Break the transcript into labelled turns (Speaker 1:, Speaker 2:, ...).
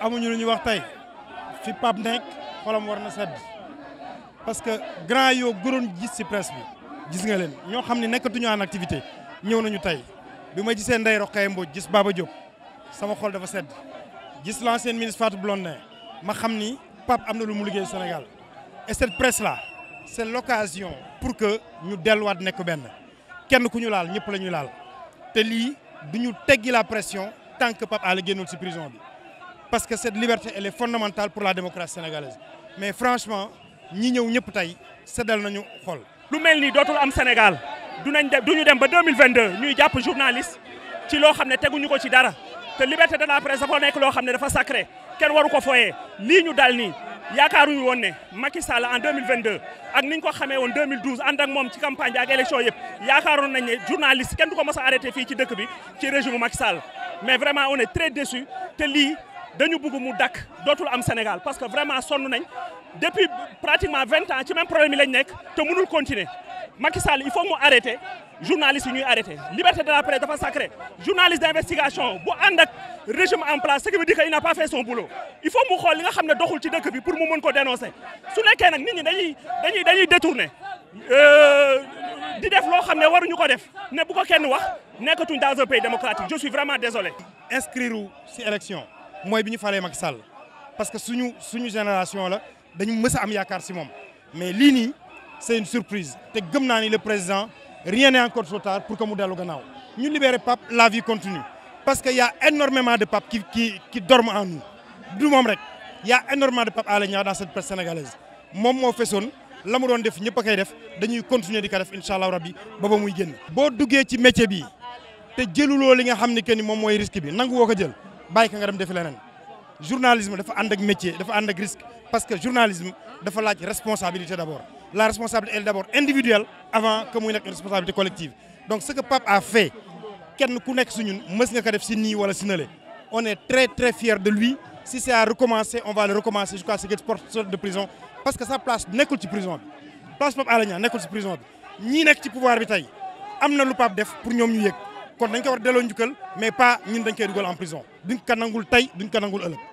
Speaker 1: amuñu ñu ñuy wax tay fi pap nek xolam warna na sedd parce que grand yo gënoon gis ci presse bi gis nga len ñoo xamni nekatu ñu en activité ñew nañu tey bi ma gisee ro xey Mbodj gis Baba Diop sama xol dafa sedd gis l'ancien ministre Fatou Blondin ma xamni pap amna lu mu liggéey Sénégal et cette presse là c'est l'occasion pour que ñu delluwaat nekk ben kenn ku ñu laal ñëpp lañu laal té li duñu ñu la pression tant que Pape Alé génnul ci prison bi parce que cette liberté elle est fondamentale pour la démocratie sénégalaise mais franchement
Speaker 2: ñi sommes tous tey seddal nañu xol. lu mel nii dootul am Sénégal dunañ dem duñu dem ba 2022 ñuy jàpp journaliste ci loo xam ne teguñu ko ci dara La liberté de la presse dafa nekk loo xam ne dafa sacré kenn waru ko fooyee lii ñu dal nii yaakaaruñu woon ne Macky Sall en 2022 ak niñ ko xamé won 2012 and ak mom ci campagne ak élection yëpp yaakaaroon nañ né journaliste kenn du ko mos arrêter arrêté fii ci dëkk bi ci régime Macky Sall mais vraiment on est très déçu té li nous bëgg mu Sénégal parce que vraiment depuis pratiquement 20 ans ci même problème est continuer il faut arrêter journaliste yi arrêter liberté de la presse pas sacré journaliste d'investigation bu régime en place ce qui veut dire qu'il n'a pas fait son boulot il faut nous nous li pour mu nous dénoncer Si nous nit euh, ne nous def ne bu Nous dans un pays démocratique je suis vraiment désolé inscrire ces
Speaker 1: élections moy biñu ñu falee Macky Sall parce que suñu suñu génération la dañu mës am yakar si mom mais lii c'est une surprise té gëm naa ni le président rien n'est encore trop tard pour que mu dellu gannaaw ñu libérer Pape la vie continue parce que y a énormément de papes qui qui qui dorment en nous du mom rek y a énormément de papes Alé Niang dans cette presse sénégalaise mom mo fessone lamu mu doon def ñepp a def dañuy continuer di ka def inshallah allahu rabbi ba muy génn. bo duggé ci métier bi té jëlulo li nga xamni ni que ni mom moy risque bi nangu woo ko jël bàyyi nga dem def leneen journalisme dafa and ak métier dafa and ak risque parce que journalisme dafa laaj responsabilité d'abord la responsabilité est d'abord individuelle avant que muy nek une responsabilité collective donc ce que Pape a fait kenn ku nek suñu ñun nga ko def si ni wala si on est très très fier de lui si c'est à recommencer on va le recommencer jusqu'à ce qu'il sorte de prison parce que sa place nekul ci prison bi place Pape Alé nekul ci prison bi ñii ci pouvoir bi tay amna lu Pape def pour ñom ñu kon dañ ko war a delloo mais pas ñun dañ koy dugal en prison duñ ka nangul tay duñ ka nangul ëllëg